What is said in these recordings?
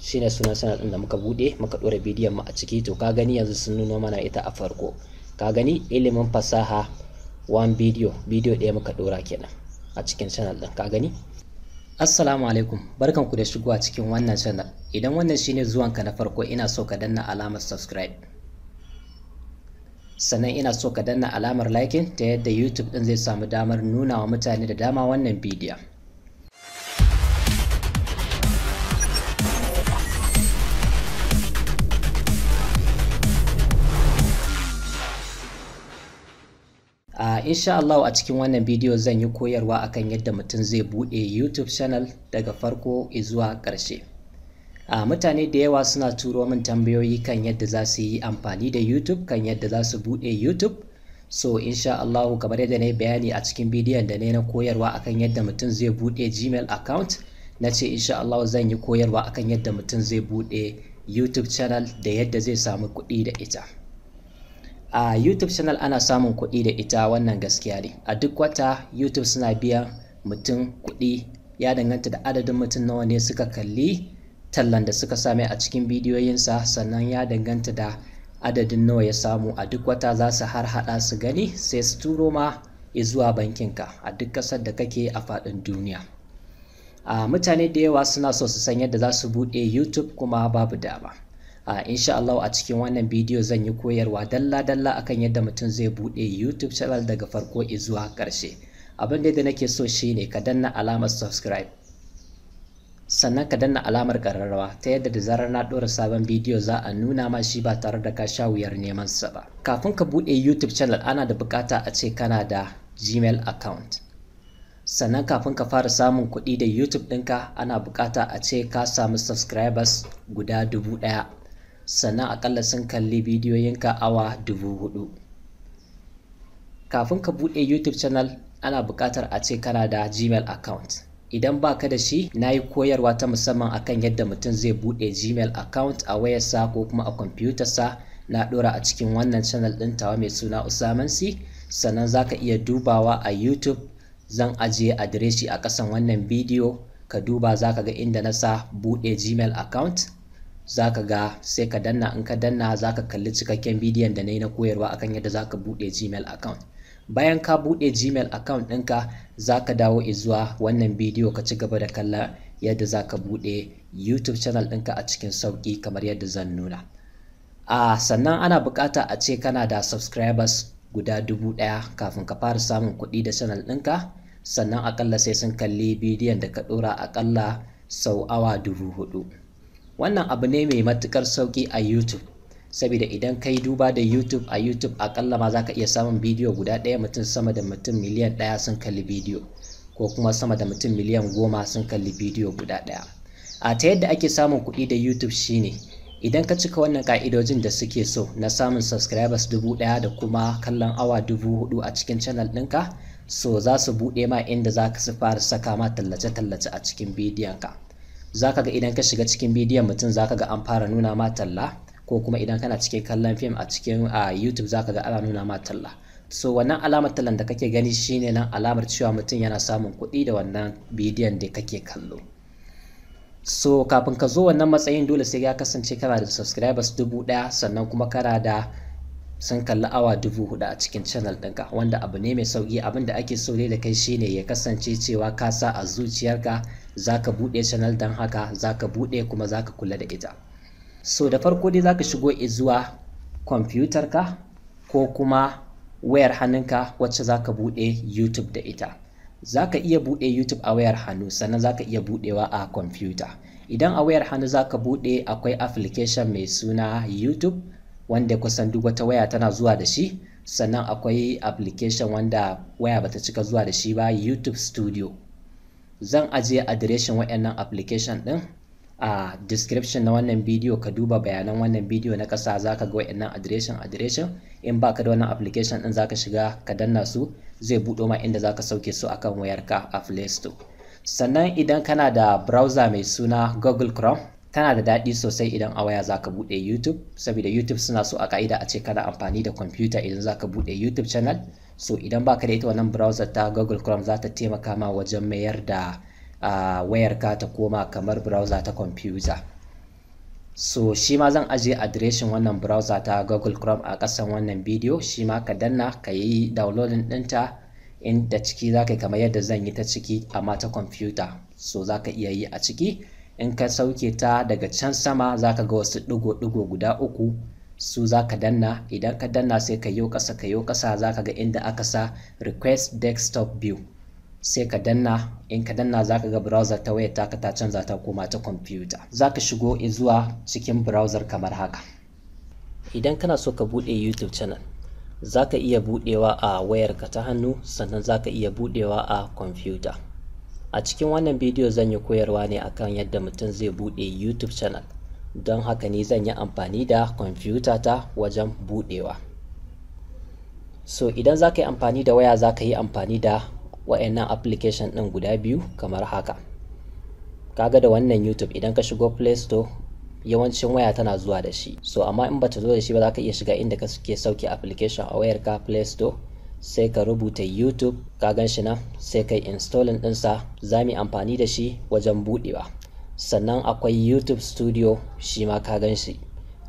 shine sunan sanar din da muka bude muka dora bidiyon mu a ciki to ka gani yanzu sun nuno mana ita a farko ka gani ilimin fasaha one video video ɗaya muka dora kenan a cikin channel din ka gani Assalamu alaikum barkanku da shigowa cikin wannan channel idan wannan shine zuwanka na farko ina so ka danna alamar subscribe sannan ina so ka danna alamar liking ta yadda YouTube din zai samu damar nuna wa mutane da dama wannan bidiyon In insha Allah a cikin wannan bidiyo zan yi koyarwa akan yadda mutum zai buɗe YouTube channel daga farko zuwa ƙarshe. a mutane da yawa suna turo min tambayoyi kan yadda za su yi amfani da YouTube kan yadda za su buɗe YouTube. So insha Allah kamar yadda na yi bayani a cikin bidiyon da ne na koyarwa akan yadda mutum zai buɗe Gmail account na ce insha Allah zan yi koyarwa akan yadda mutum zai buɗe YouTube channel da yadda zai samu kuɗi da ita. a youtube channel ana samun kuɗi da ita wannan gaskiya ne a duk wata youtube suna biyan mutum kuɗi ya danganta da adadin mutum nawa ne suka kalli tallan da suka same a cikin bidiyoyinsa sannan ya danganta da adadin nawa ya samu a duk wata za su har hada su gani sai su turo ma zuwa bankinka a duk ƙasar da kake a faɗin duniya a mutane da yawa suna so su san yadda za su buɗe youtube kuma babu dama Uh, insha Allah a cikin wannan bidiyo zan yi koyarwa dalla-dalla akan yadda mutum zai bude YouTube channel daga farko zuwa ƙarshe. Abin da nake so shine ka danna alamar subscribe. Sannan ka danna alamar ƙararrawa ta yadda da zarar na ɗora sabon bidiyo za a nuna ma shi ba tare da ka sha wuyar neman sa ba. Kafin ka bude YouTube channel ana da buƙata a ce kana da Gmail account. sannan kafin ka fara samun kuɗi da YouTube ɗinka ana buƙata a ce ka samu subscribers guda dubu ɗaya sannan akalla sun kalli bidiyoyinka awa dubu hudu kafin ka buɗe youtube channel ana bukatar a ce kana da gmail account idan ba ka da shi na yi koyarwa ta musamman akan yadda mutum zai buɗe gmail account a wayarsa ko kuma a kwamfutarsa na dora a cikin wannan channel ɗin tawa mai suna usamansi sannan za ka iya dubawa a youtube zan ajiye adireshi a ƙasan wannan bidiyo ka duba za ka ga inda na sa buɗe gmail account za ka ga sai ka danna in ka danna za ka kalli cikakken bidiyon da na yi na koyarwa akan yadda za ka buɗe gmail account bayan ka buɗe gmail account ɗinka za ka dawo izuwa wannan bidiyo ka ci gaba da kalla yadda za ka buɗe youtube channel ɗinka a cikin sauƙi kamar yadda zan nuna a sannan ana buƙata a ce kana da subscribers guda dubu ɗaya kafin ka fara samun kuɗi da channel ɗinka sannan akalla sai sun kalli bidiyon da ka ɗora akalla sau awa dubu hudu wannan abu ne mai matukar sauki a youtube saboda idan kai duba da youtube a youtube akalla ma za ka iya samun bidiyo guda ɗaya mutum sama da mutum miliyan ɗaya sun kalli bidiyo ko kuma sama da mutum miliyan goma sun kalli bidiyo guda ɗaya a ta yadda ake samun kuɗi da youtube shine idan ka cika wannan ka'idojin da suke so na samun subscribers dubu ɗaya da kuma kallon awa dubu hudu a cikin channel ɗinka so za su buɗe ma inda za ka su fara saka ma tallace-tallace a cikin bidiyon ka. zaka ga idan ka shiga cikin bidiyon mutum zaka ga an fara nuna ma talla ko kuma idan kana cikin kallon fim a cikin a YouTube zaka ga ana nuna ma talla so wannan alamar tallan da kake gani shine nan alamar cewa mutum yana samun kuɗi da wannan bidiyon da kake kallo so kafin ka zo wannan matsayin dole sai ya kasance kana da subscribers dubu ɗaya sannan kuma kana da sun kalli awa dubu hudu a cikin channel ɗinka wanda abu ne mai sauki abin da ake so ne da kai shine ya kasance cewa ka sa a zuciyarka zaka buɗe channel don haka zaka buɗe kuma zaka kula da ita so da farko dai zaka shigo zuwa kwamfutar ka ko kuma wayar hannunka wacce zaka buɗe YouTube da ita zaka iya buɗe YouTube a wayar hannu sannan zaka iya buɗewa a computer idan a wayar hannu zaka buɗe akwai application mai suna YouTube wanda kusan duk wata waya tana zuwa da shi sannan akwai application wanda waya bata cika zuwa da shi ba YouTube Studio zan ajiye adireshin waɗannan application ɗin a description na wannan bidiyo ka duba bayanan wannan bidiyo na kasa za ka ga waɗannan adireshin adireshin in ba ka da wannan application ɗin za ka shiga ka danna su zai buɗo ma inda za ka sauke su akan wayarka a Play Store. Sannan idan kana da browser mai suna Google Chrome tana da daɗi sosai idan a waya zaka ka buɗe YouTube saboda YouTube suna so a ka'ida a ce kana amfani da computer idan zaka ka buɗe YouTube channel. so idan baka da ita wannan browser ta google chrome za ta taimaka ma wajen mayar da uh, wayarka ta koma kamar browser ta computer so shi ma zan ajiye adireshin wannan browser ta google chrome a ƙasan wannan bidiyo shi ma ka danna ka yi downloading ɗinta inda ciki za ka yi kamar yadda zan yi ta ciki amma ta computer so za ka iya yi a ciki in ka sauke ta daga can sama za ka ga wasu ɗigo-ɗigo guda uku su za ka danna idan ka danna sai ka yi ƙasa ka yi ƙasa za ka ga inda aka sa request desktop view sai ka danna in ka danna za ka ga browser ta wayar taka ta canza ta koma ta kwamfuta za ka shigo zuwa cikin browser kamar haka idan kana so ka buɗe youtube channel za ka iya buɗewa a wayarka ta hannu sannan za ka iya buɗewa a kwamfuta a cikin wannan bidiyo zan yi koyarwa ne akan yadda mutum zai buɗe youtube channel don haka ne zan yi amfani da kwamfuta ta wajen budewa so idan za ka yi amfani da waya za ka yi amfani da wayannan application ɗin guda biyu kamar haka kaga da wannan youtube idan ka shigo play store yawancin waya tana zuwa da shi so amma in bata zo da shi ba za ka iya shiga inda ka ke sauke application a wayar ka play store sai ka rubuta youtube ka gan shi nan sai ka yi installing ɗinsa za mu amfani da shi wajen buɗewa sannan akwai youtube studio shi ma ka gan shi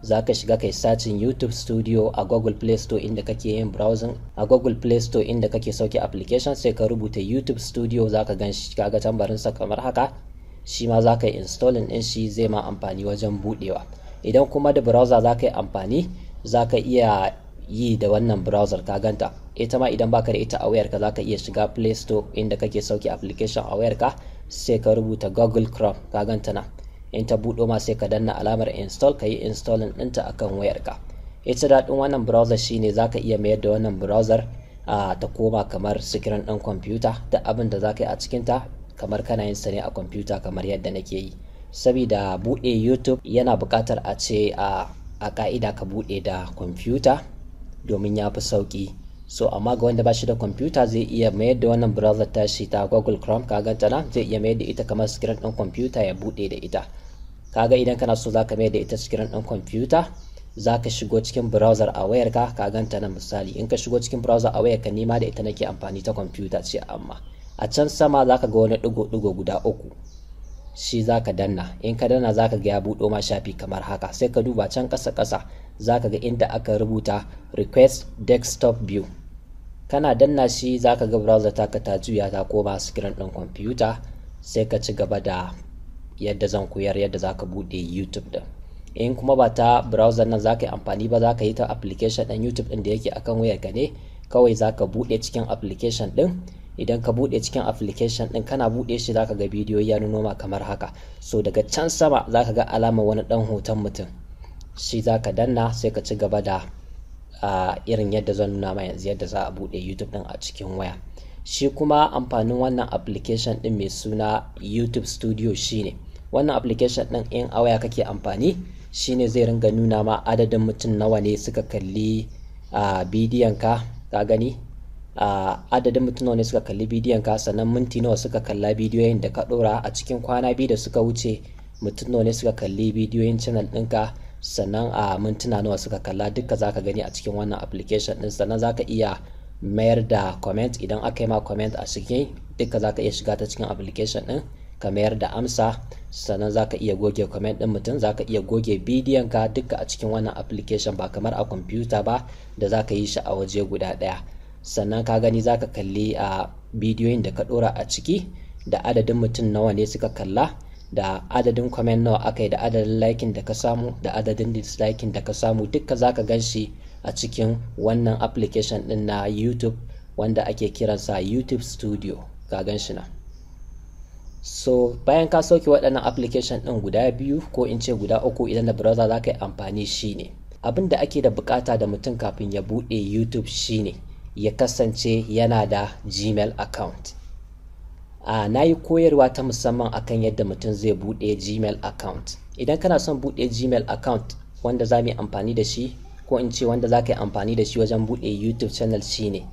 za ka shiga kai sacin youtube studio a google play store inda kake yin browsing a google play store inda kake sauke application sai ka rubuta youtube studio za ka gan shi kaga tambarinsa kamar haka shi ma za ka yi installing din shi zai ma amfani wajen budewa idan kuma da browser za ka yi amfani za ka iya yi da wannan browser ka ganta ita ma idan baka da ita a wayarka za ka iya shiga play store inda kake sauke application a wayarka sai ka rubuta google chrome ka ganta na in ta buɗo ma sai ka danna alamar install ka yi installing ɗinta akan ka, ita daɗin wannan browser shine za ka iya mayar da wannan browser a ta koma kamar sikirin ɗin kwamfuta da abin da za ka yi a cikin ta kamar kana yin sa ne a kwamfuta kamar yadda nake yi saboda buɗe youtube yana buƙatar a ce a ƙa'ida ka buɗe da kwamfuta domin ya fi sauƙi so amma ga wanda ba shi da kwamfuta zai iya mayar da wannan browser tashi ta google chrome ka ganta zai iya mayar da ita kamar screen ɗin kwamfuta ya bude da ita kaga idan kana so zaka mayar da ita screen ɗin kwamfuta zaka shigo cikin browser a wayarka ka ganta nan misali in ka shigo cikin browser a wayarka ka ma da ita nake amfani ta kwamfuta ce amma a can sama zaka ga wani digo digo guda uku shi zaka danna in ka danna zaka ga ya budo ma shafi kamar haka sai ka duba can kasa-kasa kasa zaka ga inda aka rubuta request desktop view kana danna shi za ka ga browser ka ta juya ta koma screen ɗin kwamfuta sai ka ci gaba da yadda zan koyar yadda za ka buɗe youtube ɗin in kuma ba ta browser nan za ka yi amfani ba za ka yi ta application ɗin youtube ɗin da yake akan ka ne kawai za ka buɗe cikin application ɗin idan ka buɗe cikin application ɗin kana buɗe shi za ka ga bidiyo ya nuno ma kamar haka so daga can sama za ka ga alamar wani ɗan hoton mutum shi za ka danna sai ka ci gaba da irin yadda zan nuna ma yanzu yadda za a buɗe youtube ɗin a cikin waya shi kuma amfanin wannan application ɗin mai suna youtube studio shine wannan application ɗin in a waya kake amfani shine zai ringa nuna ma adadin mutum nawa ne suka kalli bidiyon ka ka gani adadin mutum nawa ne suka kalli bidiyon ka sannan minti nawa suka kalla bidiyoyin da ka ɗora a cikin kwana biyu da suka wuce mutum nawa ne suka kalli bidiyoyin channel ɗinka sannan a mintuna nawa suka kalla duka zaka gani a cikin wannan application din sannan zaka iya mayar da comment idan aka yi ma comment a cikin duka zaka iya shiga ta cikin application din ka mayar da amsa sannan zaka iya goge comment din mutum zaka iya goge bidiyon ka duka a cikin wannan application ba kamar a computer ba da zaka yi shi a waje guda daya sannan ka gani zaka kalli a bidiyoyin da ka dora a ciki da adadin mutum nawa ne suka kalla da adadin comment nawa aka yi da adadin likin da ka samu da adadin dislikin da ka samu duka zaka gan shi a cikin wannan application din na youtube wanda ake kiransa youtube studio ka gan shi na so bayan ka sauke waɗannan application ɗin guda biyu ko in ce guda uku idan da browser za ka yi amfani shi ne abin da ake da bukata da mutum kafin ya buɗe youtube shi ne ya kasance yana da gmail account Uh, ah, na yi koyarwa ta musamman akan yadda mutum zai buɗe gmail account idan kana son buɗe gmail account wanda za mu yi amfani da shi ko in ce wanda za ka yi amfani da shi wajen buɗe youtube channel shi ne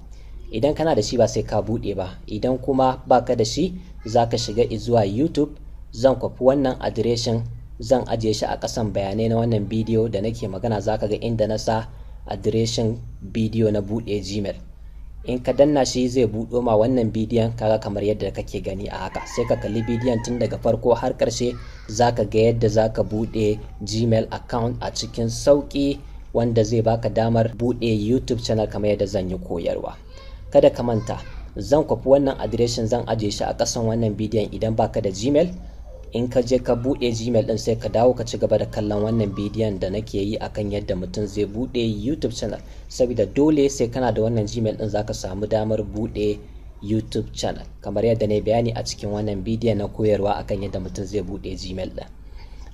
idan kana da shi ba sai ka buɗe ba idan kuma ba ka da shi za ka shiga zuwa youtube zan kwafi wannan adireshin zan ajiye shi a ƙasan bayanai na wannan bidiyo da nake magana za ka ga inda na sa adireshin bidiyo na buɗe gmail in ka danna shi zai buɗo ma wannan bidiyon kaga kamar yadda kake gani a haka sai ka kalli bidiyon tun daga farko har ƙarshe zaka ga yadda zaka buɗe gmail account a cikin sauƙi wanda zai baka damar buɗe youtube channel kamar yadda zan yi koyarwa kada ka manta zan kwafi wannan adireshin zan ajiye shi a ƙasan wannan bidiyon idan baka da gmail in ka je ka buɗe gmail ɗin sai ka dawo ka ci gaba da kallon wannan bidiyon da nake yi akan yadda mutum zai buɗe youtube channel saboda dole sai kana da wannan gmail ɗin zaka samu damar buɗe youtube channel kamar yadda na bayani a cikin wannan bidiyon na koyarwa akan yadda mutum zai buɗe gmail ɗin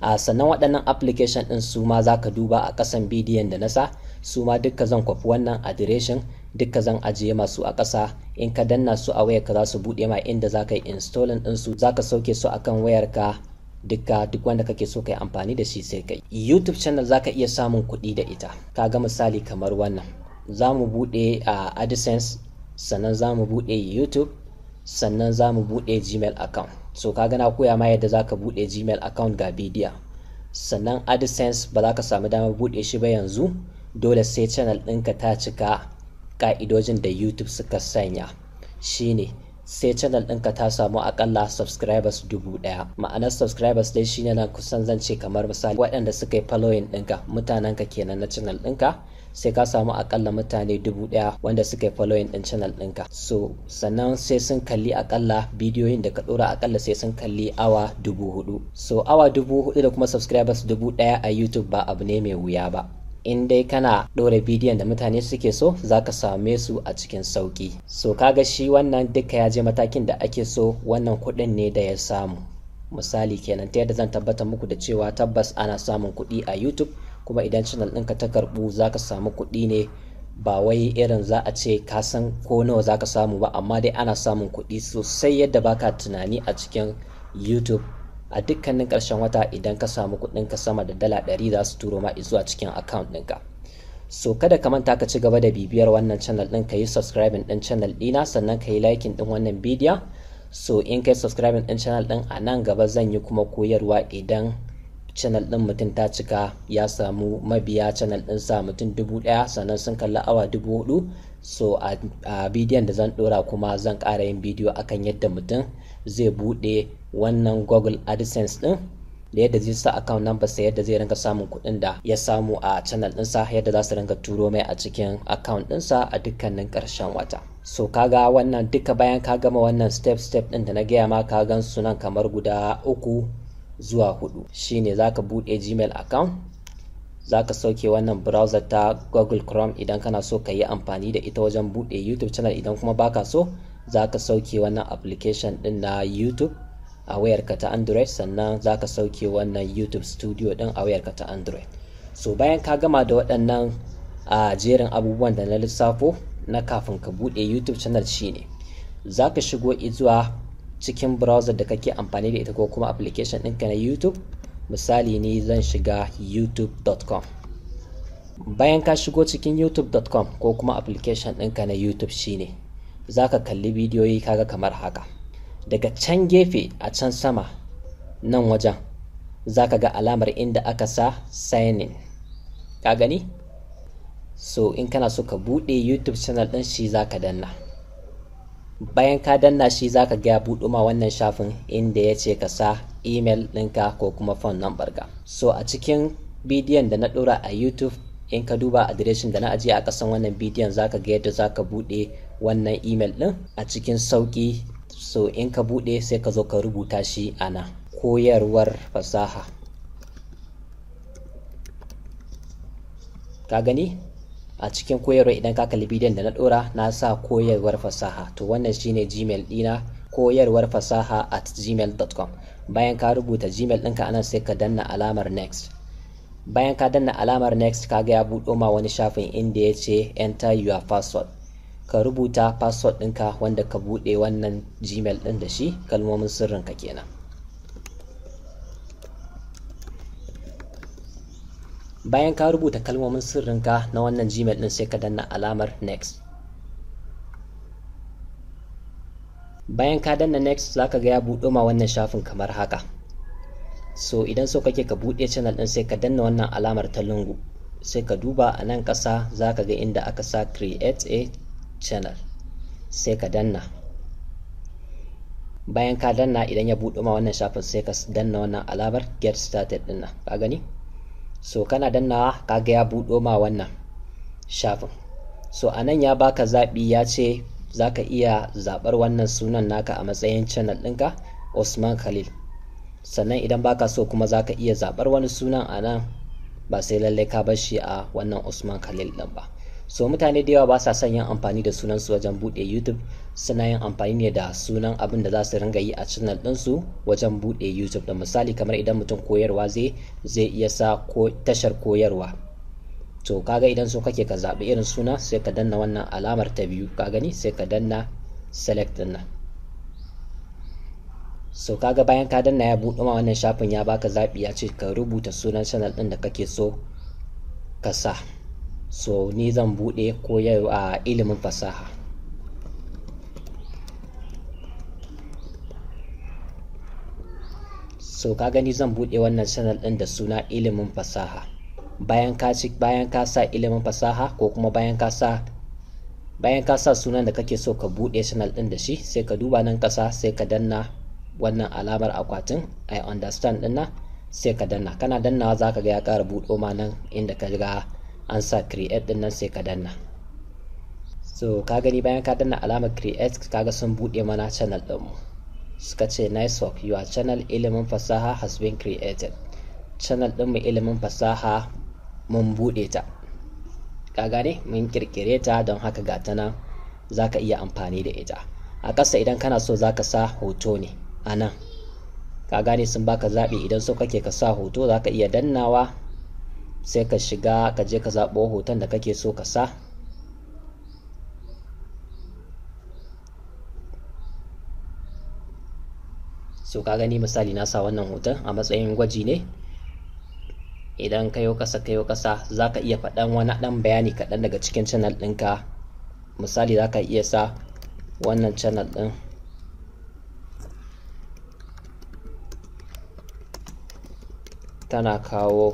a sannan waɗannan application ɗin su ma za duba a ƙasan bidiyon da na sa su ma duka zan kwafi wannan adireshin duka zan ajiye masu a ƙasa in ka danna su a wayarka za su buɗe ma inda za ka yi installing ɗinsu za ka sauke su a kan wayarka duka duk wanda kake so ka yi amfani da shi sai kai youtube channel za ka iya samun kuɗi da ita Ka ga misali kamar wannan za mu buɗe a adsense sannan za mu buɗe youtube sannan za mu buɗe gmail account so ka gana koya ma yadda za ka buɗe gmail account ga bidiyo? sannan adsense ba za ka samu damar buɗe shi ba yanzu dole sai channel ɗinka ta cika ƙa'idojin da youtube suka sanya shine sai channel ɗinka ta samu akalla subscribers dubu ɗaya ma'anar subscribers dai shine na kusan zan ce kamar misali waɗanda suka yi following ɗinka mutanenka kenan na channel ɗinka sai ka samu akalla mutane dubu ɗaya wanda suka yi following ɗin channel ɗinka so sannan sai sun kalli akalla bidiyoyin da ka ɗora akalla sai sun kalli awa dubu hudu so awa dubu hudu da kuma subscribers dubu ɗaya a youtube ba abu ne mai wuya ba in dai kana ɗora bidiyon da mutane suke so za ka same su a cikin sauƙi so kaga shi wannan duka ya je matakin da ake so wannan kuɗin ne da ya samu misali kenan ta yadda zan tabbata muku da cewa tabbas ana samun kuɗi a youtube kuma idan channel ɗinka ta karɓu za ka samu kuɗi ne ba wai irin za a ce ka san ko nawa za ka samu ba amma dai ana samun kuɗi sosai yadda baka tunani a cikin youtube a dukkanin ƙarshen wata idan ka samu ka sama da dala ɗari za su turo ma zuwa cikin account ɗinka so kada ka manta ka ci gaba da bibiyar wannan channel ɗin ka yi subscribing ɗin channel ɗina sannan ka yi liking ɗin wannan bidiyo. so in ka yi subscribing ɗin channel ɗin a nan gaba zan yi kuma koyarwa idan channel ɗin mutum ta cika ya samu mabiya channel ɗin sa mutum dubu ɗaya sannan sun kalli awa dubu hudu so a bidiyon da zan ɗora kuma zan ƙara yin bidiyo akan yadda mutum zai buɗe wannan google adsense ɗin da yadda zai sa account number sai yadda zai ringa samun kuɗin da ya samu a channel ɗinsa yadda za su ringa turo mai a cikin account ɗinsa a dukkanin ƙarshen wata so kaga wannan duka bayan ka gama wannan step step ɗin da na gaya ma ka gan sunan kamar guda uku zuwa hudu shine zaka buɗe gmail account zaka sauke wannan browser ta google chrome idan kana so ka yi amfani da ita wajen buɗe youtube channel idan kuma baka so zaka sauke wannan application ɗin na youtube a wayarka ta android sannan za ka sauke wannan youtube studio din a wayarka ta android so bayan ka gama da waɗannan a jerin abubuwan da na lissafo na kafin ka buɗe youtube channel shine za ka shigo zuwa cikin browser da kake amfani da ita ko kuma application ɗinka na youtube misali ne zan shiga youtube.com bayan ka shigo cikin youtube.com ko kuma application ɗinka na youtube shine za ka kalli bidiyoyi kaga kamar haka daga can gefe a can sama nan wajen za ka ga alamar inda aka sa sainin, ka gani so in kana so ka buɗe youtube channel ɗin shi za ka danna bayan ka danna shi za ka gaya buɗuma ma wannan shafin inda ya ce ka sa email ɗinka ko kuma phone number ka so a cikin bidiyon da na ɗora a youtube in ka duba adireshin da na ajiye a ƙasan wannan bidiyon za ka ga yadda za ka buɗe wannan email ɗin a cikin sauƙi so in ka bude sai ka zo ka rubuta shi ana koyarwar fasaha ka gani a cikin koyarwa idan ka kalli bidiyon da na ɗora na sa koyarwar fasaha to wannan shine gmail dina koyarwar fasaha at gmail.com bayan ka rubuta gmail ɗinka anan sai ka danna alamar next bayan ka danna alamar next kaga ya buɗo ma wani shafin inda ya ce enter your password ka rubuta password ɗinka wanda ka buɗe wannan gmail ɗin da shi kalmomin sirrinka kenan bayan ka rubuta kalmomin sirrinka na wannan gmail ɗin sai ka danna alamar next bayan ka danna next za ka ga ya ma wannan shafin kamar haka so idan so kake ka buɗe channel ɗin sai ka danna wannan alamar ta lungu sai ka duba a nan ƙasa za ka ga inda aka sa create a channel sai ka danna bayan ka danna idan ya buɗe ma wannan shafin sai ka danna wannan alamar get started din nan ka gani so kana dannawa kaga ya buɗo ma wannan shafin so anan ya baka zaɓi ya ce zaka iya zabar wannan sunan naka a matsayin channel ɗinka usman Khalil sannan idan baka so kuma zaka iya zabar wani sunan anan ba sai lallai ka bar shi a wannan Usman Khalil ɗin ba so mutane da yawa ba sa son yin amfani da sunansu wajen bude youtube suna yin amfani ne da sunan abin da za su ringa yi a channel ɗinsu wajen bude youtube da misali kamar idan mutum koyarwa zai zai iya sa ko tashar koyarwa to kaga idan so kake ka zabi irin suna sai ka danna wannan alamar ta biyu ka gani sai ka danna select ɗin nan so kaga bayan ka danna ya buɗe ma wannan shafin ya baka zabi ya ce ka rubuta sunan channel ɗin da kake so ka sa so ni zan buɗe koyar a ilimin fasaha so ka gani zan buɗe wannan channel ɗin da suna ilimin fasaha bayan ka bayan ka sa ilimin fasaha ko kuma bayan ka sa bayan ka sa sunan da kake so ka buɗe channel ɗin da shi sai ka duba nan kasa sai ka danna wannan alamar akwatin i understand ɗin sai ka danna kana dannawa za ka ga ya kara buɗo ma nan inda ka ga an sa create din nan sai ka danna so ka gani bayan ka danna alamar create kaga sun bude mana channel mu suka ce nice work your channel ilimin fasaha has been created channel mu ilimin fasaha mun bude ta ka gane mun kirkire ta don haka ga ta nan zaka iya amfani da ita a ƙasa idan kana so zaka sa hoto ne a nan ka gane sun baka zaɓi idan so kake ka sa hoto zaka iya dannawa sai ka shiga ka je ka zaɓo hoton da kake so ka sa so ka gani misali na sa wannan hoton a matsayin gwaji ne idan kayo kasa kayo kasa za ka iya faɗan wani ɗan bayani kaɗan daga cikin channel ɗinka misali za ka iya sa wannan channel ɗin tana kawo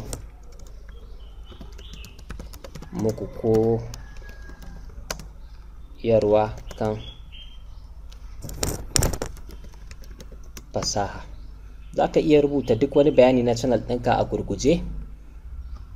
muku koyarwa kan fasaha za ka iya rubuta duk wani bayani na channel ɗinka a gurguje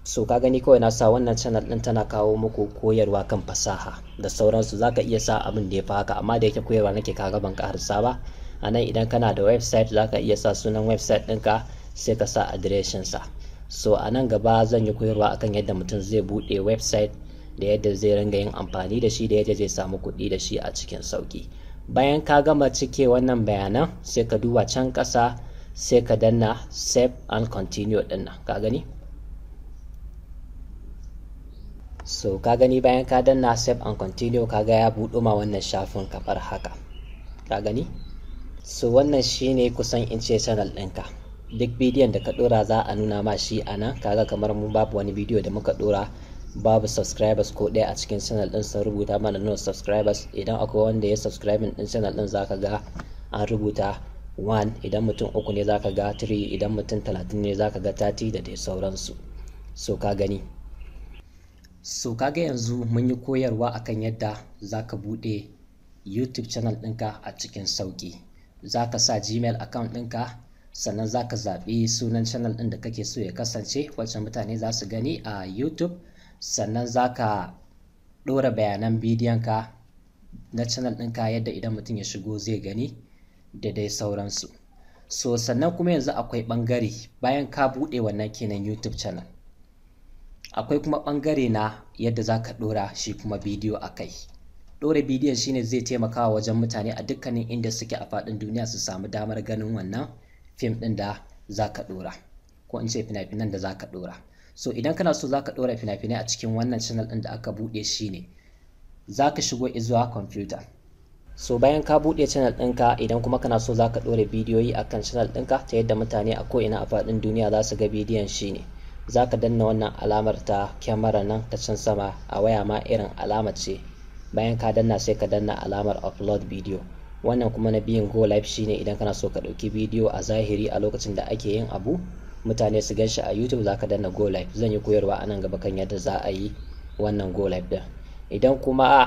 so ka gani kawai na sa wannan channel ɗin tana kawo muku koyarwa kan fasaha da sauransu za ka iya sa abin da ya fi haka amma da yake koyarwa nake kaga ban ƙarasa ba a nan idan kana da website za ka iya sa sunan website ɗinka sai ka sa adireshinsa so a nan gaba zan yi koyarwa akan yadda mutum zai buɗe website da yadda zai ringa yin amfani da shi da yadda zai samu kuɗi da shi a cikin sauƙi bayan ka gama cike wannan bayanan sai ka duba can ƙasa sai ka danna save and continue ɗin ka gani so ka gani bayan ka danna save and continue ga ya buɗo ma wannan shafin kamar haka ka gani so wannan shine kusan in ce channel ɗinka duk bidiyon da ka dora za a nuna ma shi a nan kaga kamar mu babu wani bidiyo da muka dora babu subscribers ko ɗaya a cikin channel ɗin sun rubuta mana no subscribers idan akwai wanda ya subscribing ɗin channel ɗin ka ga an rubuta 1 idan mutum uku ne za ka ga 3 idan mutum 30 ne za ka ga 30 da dai sauransu so ka gani so kaga yanzu mun yi koyarwa akan yadda za ka buɗe youtube channel ɗinka a cikin sauƙi za ka sa gmail account ɗinka sannan za ka zaɓi sunan channel ɗin da kake so ya kasance wacce mutane za su gani a youtube sannan za ka ɗora bayanan bidiyon bidiyonka na channel ka yadda idan mutum ya shigo zai gani da dai sauransu so sannan kuma yanzu akwai ɓangare bayan ka buɗe wannan kenan youtube channel akwai kuma ɓangare na yadda za ka ɗora shi kuma bidiyo a kai ɗora bidiyon shine zai taimakawa wajen mutane a dukkanin inda suke a faɗin duniya su samu damar ganin wannan fim ɗin da za ka ɗora ko in ce fina-finan da za ka ɗora so idan kana so za ka ɗora fina-finai a cikin wannan channel ɗin da aka buɗe shi ne za ka shigo izuwa computer so bayan ka buɗe channel ɗinka idan kuma kana so za ka ɗora bidiyoyi a kan channel ɗinka ta yadda mutane a ko'ina a faɗin duniya za su ga bidiyon shi ne za ka danna wannan alamar ta kyamara nan ta can sama a waya ma irin alama ce bayan ka danna sai ka danna alamar upload video wannan kuma na biyun go live shine idan kana so ka ɗauki bidiyo a zahiri a lokacin da ake yin abu mutane su gan shi a youtube za ka danna go live zan yi koyarwa a nan gaba kan yadda za a yi wannan go live din idan kuma a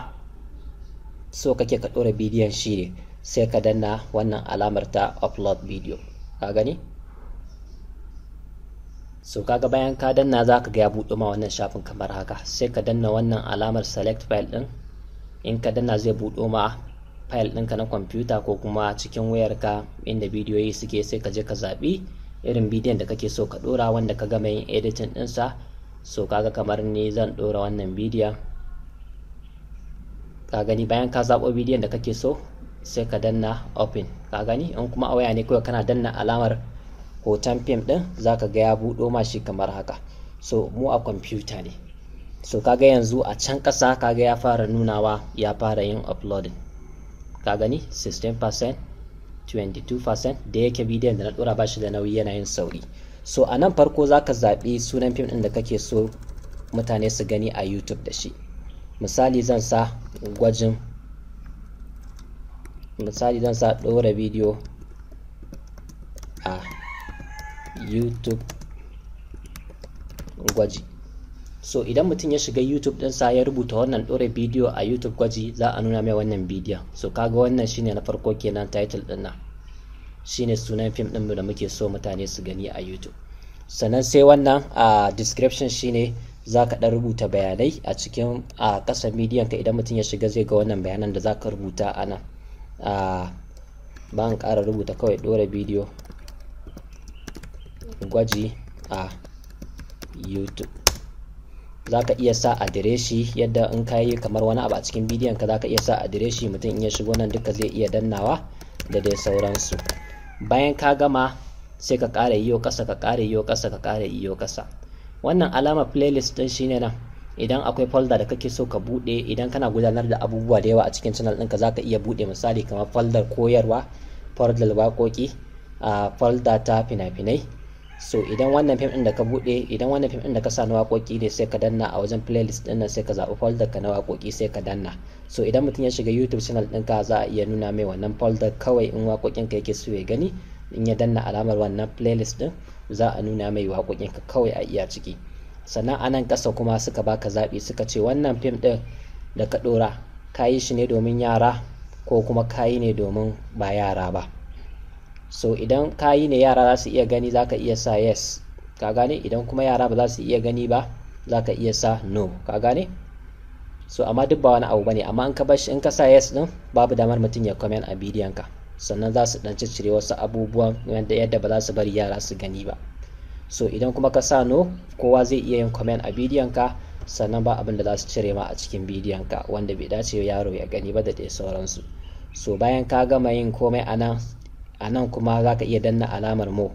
so kake ka ɗora bidiyon shi ne sai ka danna wannan alamar ta upload video ka gani so kaga bayan ka danna za ka ga ya buɗe ma wannan shafin kamar haka sai ka danna wannan alamar select file ɗin in ka danna zai buɗo ma fayil ɗinka na kwamfuta ko kuma cikin wayarka inda bidiyoyi suke sai ka je ka zaɓi irin bidiyon da kake so ka ɗora wanda ka gama yin editing ɗinsa so kaga kamar ni zan ɗora wannan bidiyon ka gani bayan ka zaɓo bidiyon da kake so sai ka danna open ka gani in kuma a waya ne kawai kana danna alamar hoton fim ɗin zaka ga ya buɗo ma shi kamar haka so mu a kwamfuta ne so kaga yanzu a can ƙasa kaga ya fara nunawa ya fara yin uploading ka gani 16% 22% da yake bidiyon da na dora bashi da nauyi yana yin sauri so a nan farko zaka zaɓi sunan fim ɗin da kake so mutane su gani a youtube da shi misali zan sa gwajin misali zan sa ɗora bidiyo a youtube gwaji so idan mutum ya shiga youtube ɗinsa ya rubuta wannan ɗore bidiyo a youtube gwaji za a nuna mai wannan bidiyon so kaga wannan shine na farko kenan title ɗin nan shine sunan fim ɗin da muke so mutane su gani a youtube sannan sai wannan a description shine za ka ɗan rubuta bayanai a cikin a ƙasa bidiyon ka idan mutum ya shiga zai ga wannan bayanan da za ka rubuta a nan ba an ƙara rubuta kawai ɗora bidiyo gwaji a youtube za ka iya sa adireshi yadda in ka yi kamar wani abu a cikin bidiyon ka za ka iya sa adireshi mutum in ya shigo nan duka zai iya dannawa da dai sauransu bayan ka gama sai ka ƙara yiwo kasa ka ƙara yiwo kasa ka ƙara yiwo ƙasa wannan alama playlist din shine nan idan akwai folder da kake so ka buɗe idan kana gudanar da abubuwa da yawa a cikin channel ɗinka za ka iya buɗe misali kamar folder koyarwa folder waƙoƙi a ah, folder ta fina-finai so idan wannan fim din da ka bude idan wannan fim din da ka sa na wakoki ne sai ka danna a wajen playlist din nan sai ka zaɓi folder ka na wakoki sai ka danna so idan mutum ya shiga youtube channel ka za a iya nuna mai wannan folder kawai in wakokin ka yake so ya gani in ya danna alamar wannan playlist din za a nuna mai wakokin ka kawai a iya ciki sannan a nan ƙasa kuma suka baka zaɓi suka ce wannan fim din da ka ɗora ka yi shi ne domin yara ko kuma ka yi ne domin ba yara ba so idan ka yi ne yara za su iya gani za ka iya sa yes ka gane idan kuma yara ba za su iya gani ba za ka iya sa no ka gane so amma duk ba wani abu bane amma in ka bar in ka sa yes din babu damar mutum ya comment a bidiyon ka sannan za su dan ciccire wasu abubuwan yadda yadda ba za su bari yara su gani ba so idan kuma ka sa no kowa zai iya yin comment a bidiyon ka sannan ba abin da za su cire ma a cikin bidiyon ka wanda bai dace yaro ya gani ba da dai sauransu so bayan ka gama yin komai a nan a nan kuma za ka iya danna alamar mo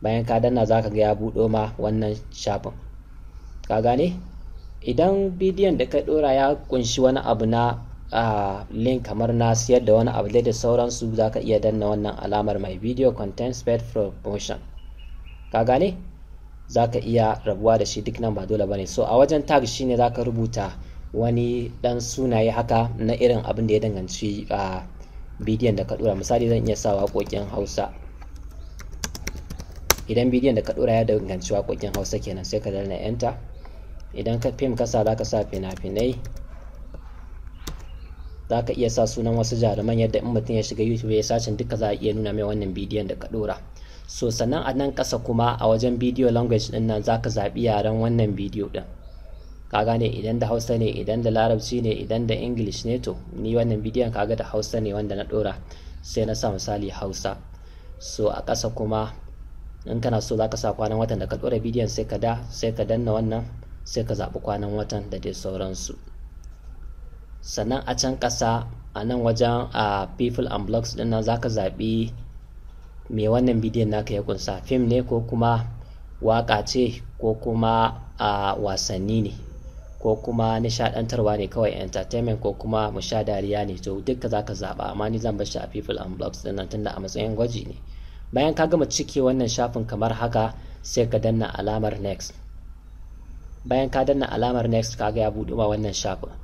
bayan ka danna za ka ga ya buɗo ma wannan shafin ka gane idan bidiyon da ka ɗora ya ƙunshi wani abu na a link kamar na siyar da wani abu da sauransu za ka iya danna wannan alamar mai video content spread promotion ka gane za ka iya rabuwa da shi duk nan ba dole ba ne. so a wajen tag shine za ka rubuta wani ɗan sunaye haka na irin abin da ya danganci a bidiyon da ka dora misali zan iya sa waƙoƙin hausa idan bidiyon da ka dora ya danganci waƙoƙin hausa kenan sai ka danna enter idan ka fim ka sa za ka sa fina-finai za ka iya sa sunan wasu jaruman yadda in mutum ya shiga youtube ya sashen duka za a iya nuna mai wannan bidiyon da ka dora so sannan a nan ƙasa kuma a wajen bidiyo language ɗin nan za ka zaɓi yaren wannan bidiyo ɗin ka gane idan da hausa ne idan da larabci ne idan da english ne to ni wannan bidiyon kaga da hausa ne wanda na dora sai na sa misali hausa so a ƙasa kuma in kana so za ka sa kwanan watan da ka dora bidiyon sai ka da sai ka danna wannan sai ka zaɓi kwanan watan da dai sauransu sannan a can ƙasa a nan wajen a people and Blocks, din nan za ka zaɓi mai wannan bidiyon naka ya kunsa fim ne ko kuma waƙa ce ko kuma a wasanni ne ko kuma nishadantarwa ne kawai entertainment ko kuma mu sha dariya ne to duka zaka zaba amma ni zan bar shi a people and blogs din nan tunda a matsayin gwaji ne bayan ka gama cike wannan shafin kamar haka sai ka danna alamar next bayan ka danna alamar next kaga ya bude ma wannan shafin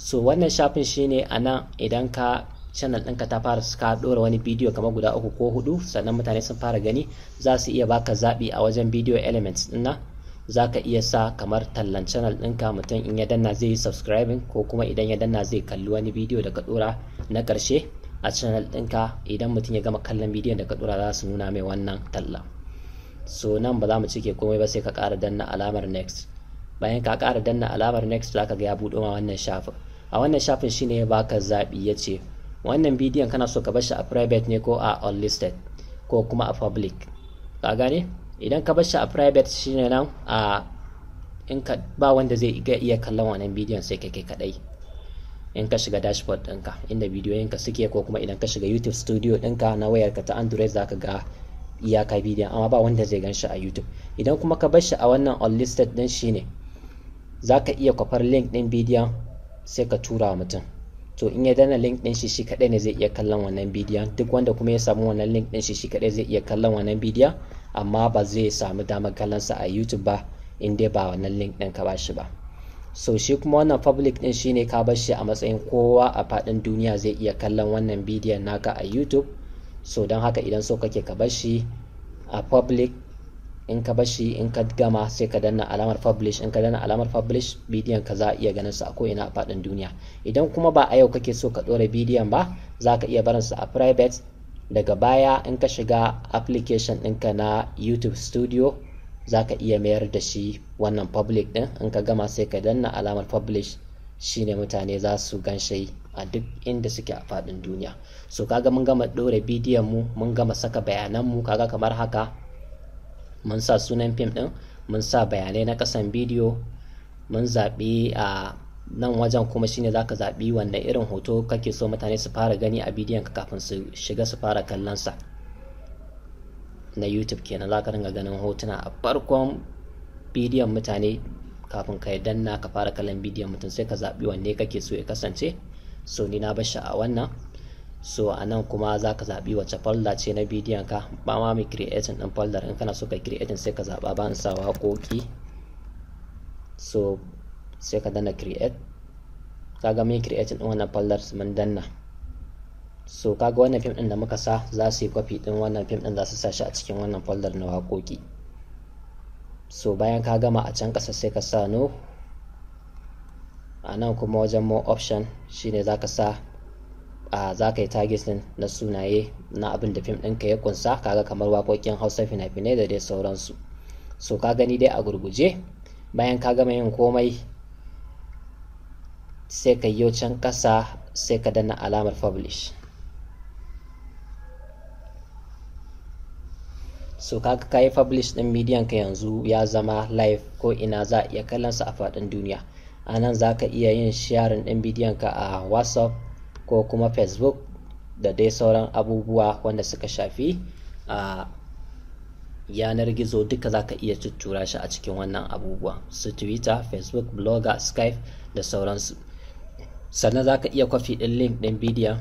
so wannan shafin shine anan idan ka channel ɗinka ta fara ka ɗora wani bidiyo kamar guda uku ko hudu sannan mutane sun fara gani za su iya baka zaɓi a wajen bidiyo elements ɗin nan za ka iya sa kamar tallan channel ɗinka mutum in ya danna zai yi subscribing ko kuma idan ya danna zai kalli wani bidiyo da ka ɗora na ƙarshe a channel ɗinka idan mutum ya gama kallon bidiyon da ka ɗora za su nuna mai wannan talla so nan ba za mu cike komai ba sai ka ƙara danna alamar next bayan ka ƙara danna alamar next za ka ga ya buɗo ma wannan shafin a wannan shafin shine ya baka zaɓi ya ce wannan bidiyon kana so ka bar shi a private ne ko a unlisted ko kuma a public ka gane idan ka bar shi a private shine nan a in ka ba wanda zai iya kallon wannan bidiyon sai kai kadai in ka shiga dashboard ɗinka inda bidiyoyinka suke ko kuma idan ka shiga youtube studio ɗinka na wayarka ta android zaka ga iyaka bidiyon amma ba wanda zai gan shi a youtube idan kuma ka bar shi a wannan unlisted ɗin shine zaka iya kwafar link ɗin bidiyon sai ka tura wa mutum to in ya dana link ɗin shi shi kaɗai ne zai iya kallon wannan bidiyon duk wanda kuma ya samu wannan link ɗin shi shi kaɗai zai iya kallon wannan bidiyon amma ba zai samu damar kallonsa a youtube ba in dai ba wannan link ɗin ka bashi ba so shi kuma wannan public ɗin shine ka bashi a matsayin kowa a faɗin duniya zai iya kallon wannan bidiyon naka a youtube so don haka idan so kake ka bashi a public in ka bashi in ka gama sai ka danna alamar publish in ka danna alamar publish bidiyon ka za a iya ganin sa a ko ina a faɗin duniya idan kuma ba a yau kake so ka ɗora bidiyon ba za ka iya barinsa a private daga baya in ka shiga application ɗinka na youtube studio za ka iya mayar da shi wannan public ɗin in ka gama sai ka danna alamar publish shine mutane za su ganshi a duk inda suke a faɗin duniya so kaga mun gama ɗora bidiyon mu mun gama saka bayanan mu kaga kamar haka mun sa sunan fim ɗin mun sa bayanai na ƙasan bidiyo mun zaɓi a ah, nan wajen kuma shine zaka zaɓi wanda irin hoto kake so mutane su fara gani a bidiyon ka kafin su shiga su fara kallon sa na youtube kenan zaka ringa ganin hotuna a farkon bidiyon mutane kafin ka danna ka fara kallon bidiyon mutum sai ka zaɓi wanne kake so ya kasance so ni na shi a wannan so a nan kuma za ka zaɓi wace folder ce na bidiyon ka ba ma mai creating ɗin folder in kana so ka creating sai ka zaɓa ba in sa waƙoƙi so sai ka dana create kaga mun creating din wannan folder mun danna so kaga wannan fim din da muka sa za su yi copy din wannan fim din za su sashi a cikin wannan folder na waƙoƙi so bayan ka gama a can ƙasa sai ka sa no a nan kuma wajen more option shine za ka sa a za ka yi target din na sunaye na abin da fim ɗinka ya kunsa kaga kamar wakokin hausa fina-finai da dai sauransu so ka gani dai a gurguje bayan ka gama yin komai sai ka yi can ƙasa sai ka danna alamar publish so kaga ka yi publish ɗin bidiyon ka yanzu ya zama live ko ina za a iya kallon sa a faɗin duniya anan nan za ka iya yin sharing ɗin bidiyon ka a whatsapp ko kuma facebook da dai sauran abubuwa wanda suka shafi a yanar gizo duka za ka iya tuttura shi a cikin wannan abubuwa su twitter facebook blogger skype da sauransu sannan za ka iya kwafi ɗin link ɗin bidiyon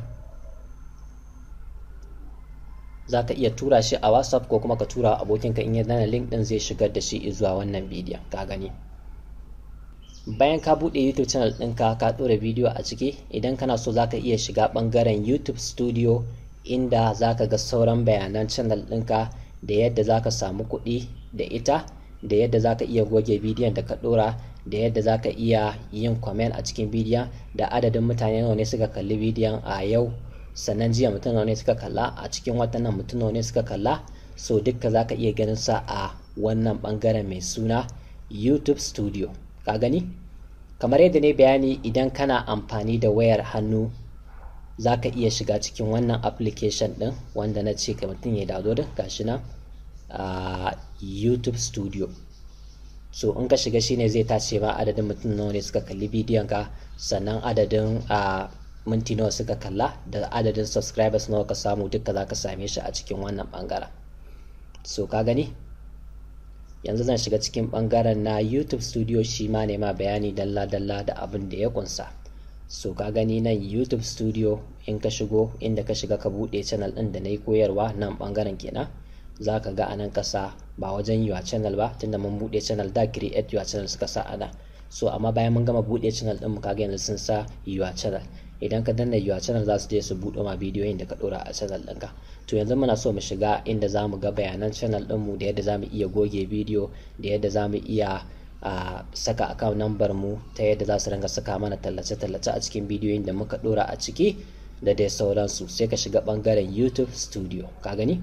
za ka iya tura shi a whatsapp ko kuma ka tura abokinka in ya dana link ɗin zai shigar da shi zuwa wannan bidiyon ka gani bayan ka buɗe youtube channel ɗinka ka ɗora bidiyo a ciki idan kana so za ka iya shiga ɓangaren youtube studio inda za ka ga sauran bayanan channel ɗinka da yadda za ka samu kuɗi da ita da yadda za ka iya goge bidiyon da ka ɗora da yadda za ka iya yin comment a cikin bidiyon da adadin mutane nawa ne suka kalli bidiyon a yau sannan jiya mutum nawa ne suka kalla a cikin watan nan mutum nawa ne suka kalla so duka za ka iya ganin sa a wannan bangaren mai suna youtube studio ka gani kamar yadda ne bayani idan kana amfani da wayar hannu za ka iya shiga cikin wannan application din wanda na ce ka mutum ya din gashi nan a youtube studio so in ka shiga shine zai tace ba adadin mutum nawa ne suka kalli bidiyon ka sannan adadin a minti nawa suka kalla da adadin subscribers nawa ka samu duka za ka same shi a cikin wannan bangaren so ka gani yanzu zan shiga cikin bangaren na youtube studio shi ma ne ma bayani dalla-dalla da abin da ya kunsa so ka gani nan youtube studio in ka shigo inda ka shiga ka buɗe channel din da na yi koyarwa nan bangaren kenan za ka ga a nan ƙasa ba wajen yiwa channel ba tunda mun buɗe channel da create your channel suka sa ana so amma bayan mun gama buɗe channel ɗin mu kaga yanzu sun sa yiwa channel idan ka danna yiwa channel za su je su buɗe ma bidiyo da ka ɗora a channel ɗinka to yanzu muna so mu shiga inda zamu ga bayanan channel mu da yadda za iya goge bidiyo da yadda zamu iya a saka account number mu ta yadda zasu su ringa saka mana tallace-tallace a cikin bidiyoyin da muka ɗora a ciki da dai sauransu sai ka shiga ɓangaren youtube studio ka gani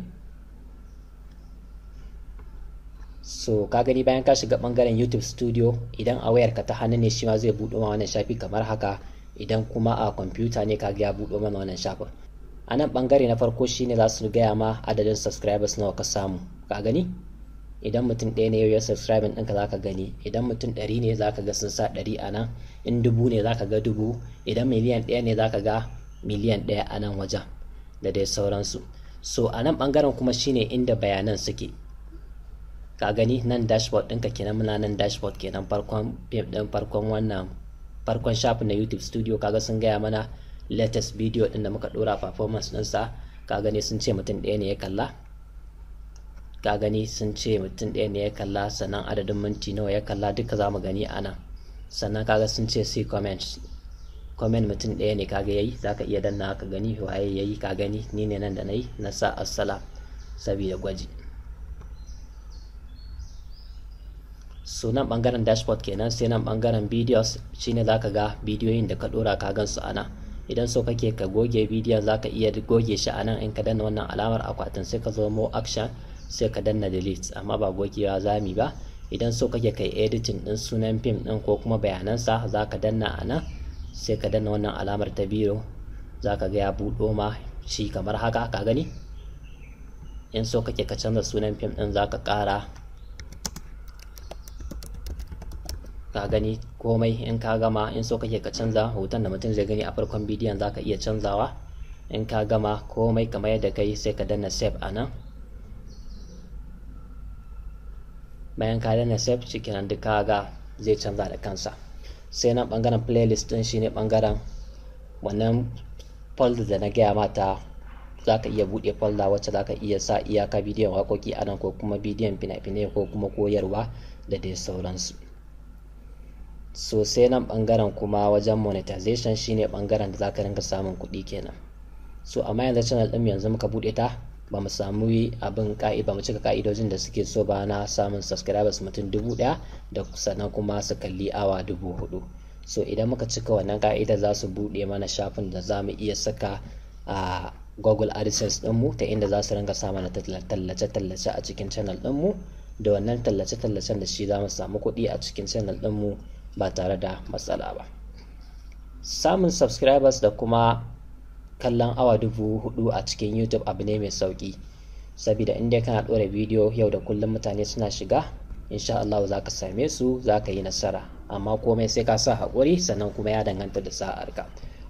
so ka gani bayan ka shiga bangaren youtube studio idan a wayarka ta hannu ne shi ma zai buɗo ma wannan shafi kamar haka idan kuma a kwamfuta ne ka ya buɗo mana wannan shafin a nan bangare na farko shine za su gaya ma adadin subscribers nawa ka samu ka gani idan mutum ɗaya ne ya subscribing ɗinka za ka gani idan mutum ɗari ne za ga sun sa ɗari a nan in dubu ne za ga dubu idan miliyan ɗaya ne za ga miliyan ɗaya a nan wajen da dai sauransu so a nan ɓangaren kuma shine inda bayanan suke ka gani nan dashboard ɗinka kenan muna nan dashboard kenan farkon ɗin farkon wannan farkon shafin na youtube studio kaga sun gaya mana latest video ɗin da muka ɗora performance ɗinsa ka gani sun ce mutum ɗaya ne ya kalla ka gani sun ce mutum ɗaya ne ya kalla sannan adadin minti nawa ya kalla duka za mu gani a sannan kaga sun ce sai comments comment mutum ɗaya ne kaga yayi zaka iya danna ka gani waye yayi ka gani ni ne nan da nayi na sa assala sabida gwaji sunan bangaren dashboard kenan sai nan bangaren videos shine zaka ga bidiyoyin da ka dora ka gansu a idan so kake ka goge bidiyon zaka iya goge shi anan in ka danna wannan alamar akwatin sai ka zo mo action sai ka danna delete amma ba gogewa zami ba idan so kake kai editing din sunan fim din ko kuma bayanansa zaka danna a sai ka danna wannan alamar ta biro zaka ga ya buɗo ma shi kamar haka ka gani in so kake ka canza sunan fim din zaka kara ka gani komai in ka gama in so kake ka canza hoton da mutum zai gani a farkon bidiyon za ka iya canzawa in ka gama komai kamar yadda kai sai ka danna save a nan bayan ka danna save cikin duk ka ga zai canza da kansa sai nan bangaren playlist din shine bangaren wannan folder da na gaya mata za ka iya buɗe folder wacce za ka iya sa iyaka bidiyon waƙoƙi a nan ko kuma bidiyon fina-finai ko kuma koyarwa da dai sauransu sosai nan bangaren kuma wajen monetization shine bangaren da zaka rinka samun kuɗi kenan so amma yanzu channel din yanzu muka buɗe ta ba mu samu abin ka'i ba mu cika ka'idojin da suke so ba na samun subscribers mutum dubu ɗaya da sannan kuma su kalli awa dubu hudu so idan muka cika wannan ka'ida za su bude mana shafin da za mu iya saka a google adsense ɗinmu ta inda za su ringa samun tallace-tallace a cikin channel ɗinmu da wannan tallace-tallacen da shi za mu samu kuɗi a cikin channel ɗinmu. ba tare da matsala ba samun subscribers da kuma kallon awa dubu hudu a cikin youtube abu ne mai sauki saboda inda kana ɗora bidiyo yau da kullum mutane suna shiga insha Allah za ka same su za ka yi nasara amma komai sai ka sa haƙuri sannan kuma ya danganta da sa'arka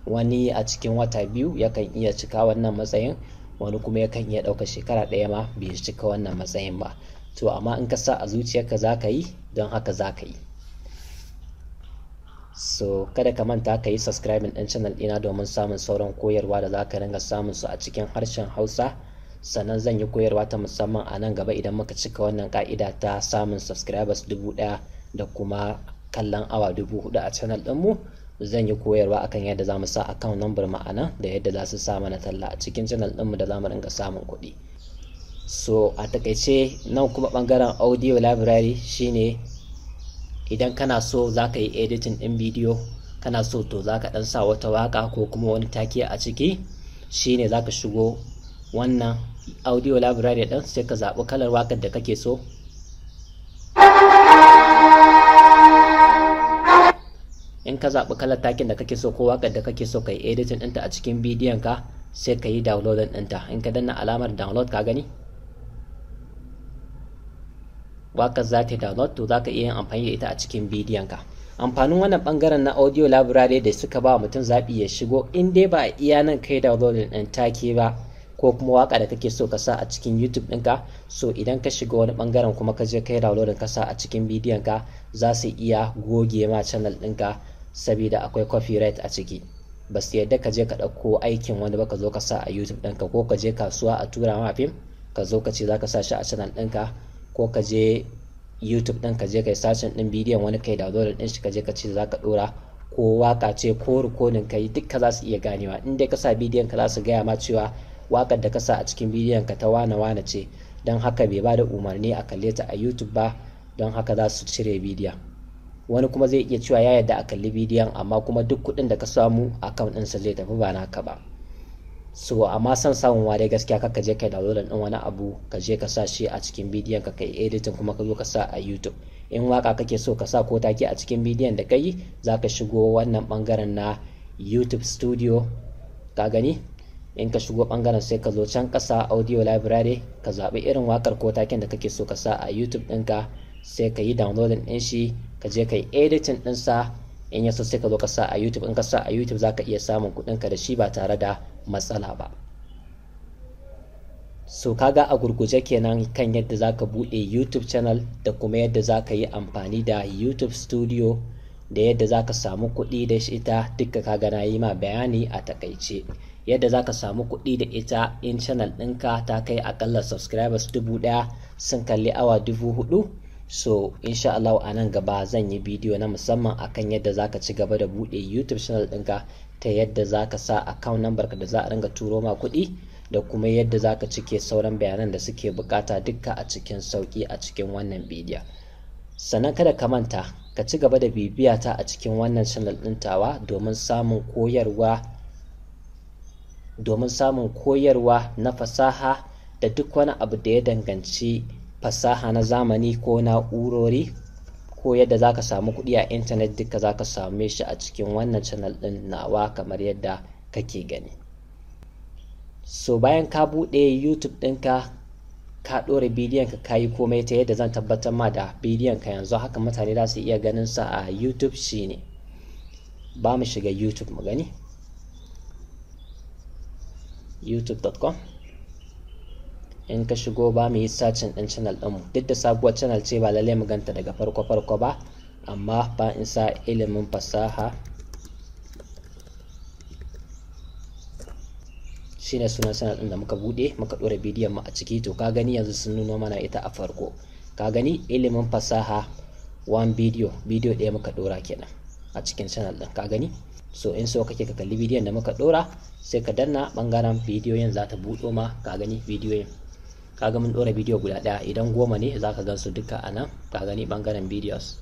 wani a cikin wata biyu yakan iya cika wannan matsayin wani kuma yakan iya ɗauka shekara ɗaya ma bai cika wannan matsayin ba to amma in ka sa a zuciyarka za ka yi don haka za ka yi so kada ka manta ka yi subscribing ɗin channel ɗina domin samun sauran koyarwa da za ka ringa samun su a cikin harshen hausa sannan zan yi koyarwa ta musamman a nan gaba idan muka cika wannan ka'ida ta samun subscribers dubu ɗaya da kuma kallon awa dubu hudu a channel ɗinmu zan yi koyarwa akan yadda za mu sa account number ma'ana da yadda za su sa mana talla a cikin channel ɗinmu da za mu ringa samun kuɗi so a takaice nan kuma ɓangaren audio library shine idan kana so za ka yi editing ɗin bidiyo kana so to za ka ɗan sa wata waka ko kuma wani take a ciki shine za ka shigo wannan audio library ɗin sai ka zaɓi kalar wakar da kake so in ka zaɓi kalar takin da kake so ko wakar da kake so ka yi editing ɗinta a cikin bidiyon ka sai ka yi downloading ɗinta in ka danna alamar download ka gani waƙar za ta download to za ka iya yin amfani da ita a cikin bidiyon ka amfanin wannan bangaren na audio library da suka ba mutum zaɓi ya shigo in dai ba iya nan kai downloading ɗin take ba ko kuma waka da kake so ka sa a cikin YouTube ɗinka so idan ka shiga wani bangaren kuma ka je kai downloadin ka sa a cikin bidiyon ka za su iya goge ma channel ɗinka saboda akwai copyright a ciki ba su yadda ka je ka ɗauko aikin wani ba ka zo ka sa a YouTube ɗinka ko ka je kasuwa a tura ma fim ka zo ka ce za ka sa shi a channel ɗinka ko ka je youtube ɗin ka je kai sashen ɗin bidiyon wani kai da dole ɗin shi ka je ka ce za ka ɗora ko waka ce ko rikodin ka yi duka za su iya ganewa in dai ka sa bidiyon ka za su gaya ma cewa wakar da ka sa a cikin bidiyon ka ta wane wane ce don haka bai ba da umarni a kalle ta a youtube ba don haka za su cire bidiyon wani kuma zai iya cewa ya yarda a kalli bidiyon amma kuma duk kuɗin da ka samu akan ɗinsa zai tafi ba naka ba so amma san samun dai gaskiya kaka je kai download din wani abu ka je ka sa shi a cikin bidiyon ka kai editing kuma ka zo ka sa a YouTube in waka kake so ka sa ko take a cikin bidiyon da kai zaka shigo wannan bangaren na YouTube studio ka gani in ka shigo bangaren sai ka zo can kasa audio library ka zaɓi irin wakar ko taken da kake so ka sa a YouTube ɗinka sai ka yi download din shi ka je kai editing ɗinsa in yasa sai ka zo ka sa a youtube in ka sa a youtube za ka iya samun kuɗinka da shi ba tare da matsala ba so kaga a gurguje kenan kan yadda za ka buɗe youtube channel da kuma yadda za ka yi amfani da youtube studio da yadda za ka samu kuɗi da ita duka kaga na yi ma bayani a takaice yadda za ka samu kuɗi da ita in channel ɗinka ta kai akalla subscribers dubu ɗaya sun kalli awa dubu hudu so insha Allah a nan gaba zan yi bidiyo na musamman akan yadda zaka ci gaba da buɗe YouTube channel ɗinka ta yadda zaka sa account number ka da za a ringa turo ma kuɗi da kuma yadda zaka cike sauran bayanan da suke bukata dukka a cikin sauki a cikin wannan bidiyo sannan kada ka manta ka ci gaba da bibiya ta a cikin wannan channel ɗin tawa domin samun koyarwa domin samun koyarwa na fasaha da duk wani abu da ya danganci fasaha na zamani ko na'urori ko yadda za ka samu kuɗi a intanet duka za ka same shi a cikin wannan channel ɗin nawa kamar yadda kake gani so bayan ka buɗe youtube ɗinka ka ɗora bidiyon ka kayi komai ta yadda zan tabbatar ma da bidiyon ka yanzu haka mutane za su iya ganin sa a youtube shine ba mu shiga youtube mu gani youtube.com in ka shigo ba mu yi sacin ɗin channel ɗinmu duk da sabuwar channel ce ba lallai mu ganta daga farko farko ba amma ba in sa ilimin fasaha shine sunan channel ɗin da muka buɗe muka ɗora bidiyon mu a ciki to ka gani yanzu sun nuna mana ita a farko ka gani ilimin fasaha one video bidiyo ɗaya muka ɗora kenan a cikin channel ɗin ka gani so in so kake ka kalli bidiyon da muka ɗora sai ka danna ɓangaren bidiyoyin za ta buɗo ma ka gani bidiyoyin Ka ga mun dora bidiyo guda ɗaya idan goma ne za ka gansu duka a nan ka gani ɓangaren videos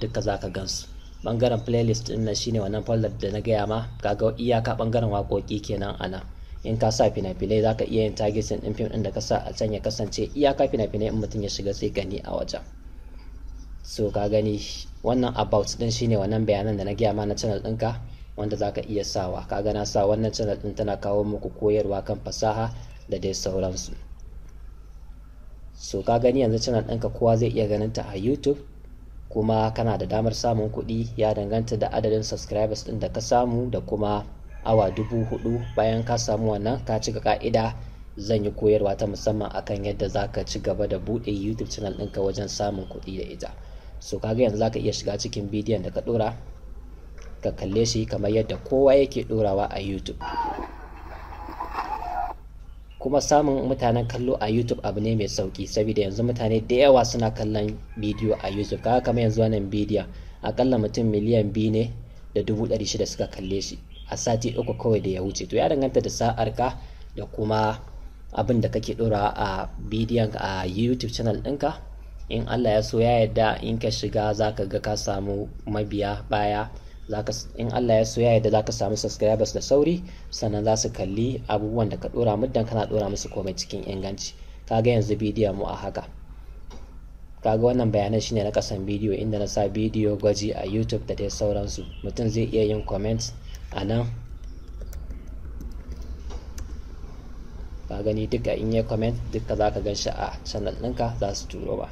duka za ka gansu ɓangaren playlist ɗin nan shine wannan folder da na gaya ma kaga iyaka bangaren wakoki kenan a nan in ka sa fina-finai za ka iya yin targeting din fim ɗin da ka sa a can ya kasance iyaka fina-finai in mutum ya shiga sai gani a wajen so ka gani wannan about ɗin shine wannan bayanan da na gaya ma na channel ka wanda za ka iya sawa kaga na sa wannan channel din tana kawo muku koyarwa kan fasaha da dai sauransu so ka gani yanzu channel ɗinka kowa zai iya ganin ta a youtube kuma kana da damar samun kuɗi ya danganta da adadin subscribers ɗin da ka samu da kuma awa dubu hudu bayan ka samu wannan ka cika ka'ida zan yi koyarwa ta musamman akan yadda za ka ci gaba da buɗe youtube channel ɗinka wajen samun kuɗi da ita so kaga yanzu za ka iya shiga cikin bidiyon da ka ɗora ka kalle shi kamar yadda kowa yake ɗorawa a youtube kuma samun mutanen kallo a youtube abu ne mai sauki saboda yanzu mutane da yawa suna kallon bidiyo a youtube kaga kamar yanzu wannan bidiyon akalla mutum miliyan biyu ne da dubu ɗari shida suka kalle shi a sati uku kawai da ya wuce to ya danganta da sa'ar ka da kuma abin da kake ɗora a bidiyon a youtube channel ɗinka in allah ya so ya yarda in ka shiga zaka ga ka samu mabiya baya in Allah ya so ya yadda zaka samu subscribers da sauri sannan za su kalli abubuwan da ka dora muddan kana dora musu komai cikin inganci kaga yanzu bidiyon mu a haka kaga wannan bayanan shine na kasan bidiyo inda na sa bidiyo gwaji a YouTube da dai sauransu mutum zai iya yin comment a nan ka gani duka in ya comment duka zaka gan shi a channel ɗinka za su turo ba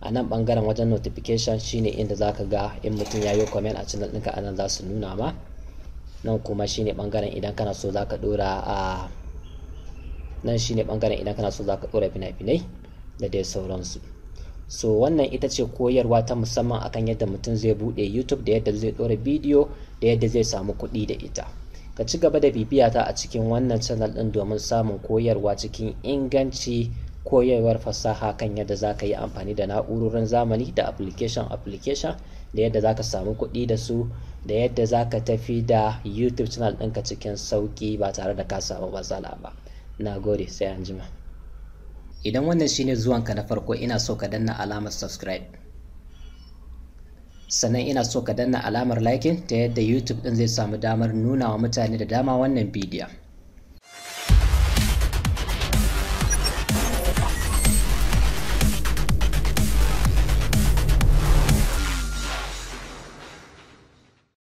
a nan bangaren wajen notification shine inda zaka ga in mutum ya yi comment a channel ɗinka anan za su nuna ma nan kuma shine bangaren idan kana so zaka dora a nan shine bangaren idan kana so zaka dora fina-finai da dai sauransu so wannan ita ce koyarwa ta musamman akan yadda mutum zai bude youtube da yadda zai dora bidiyo da yadda zai samu kuɗi da ita ka ci gaba da bibiyata a cikin wannan channel ɗin domin samun koyarwa cikin inganci koyarwar fasaha kan yadda za ka yi amfani da na'urorin zamani da application application da yadda za ka samu kuɗi da su da yadda za ka tafi da youtube channel ɗinka cikin sauƙi ba tare da ka samu matsala ba na gode sai an jima idan wannan shine zuwanka na farko ina so ka danna alamar subscribe sannan ina so ka danna alamar liking ta yadda youtube ɗin zai samu damar nuna wa mutane da dama wannan bidiyon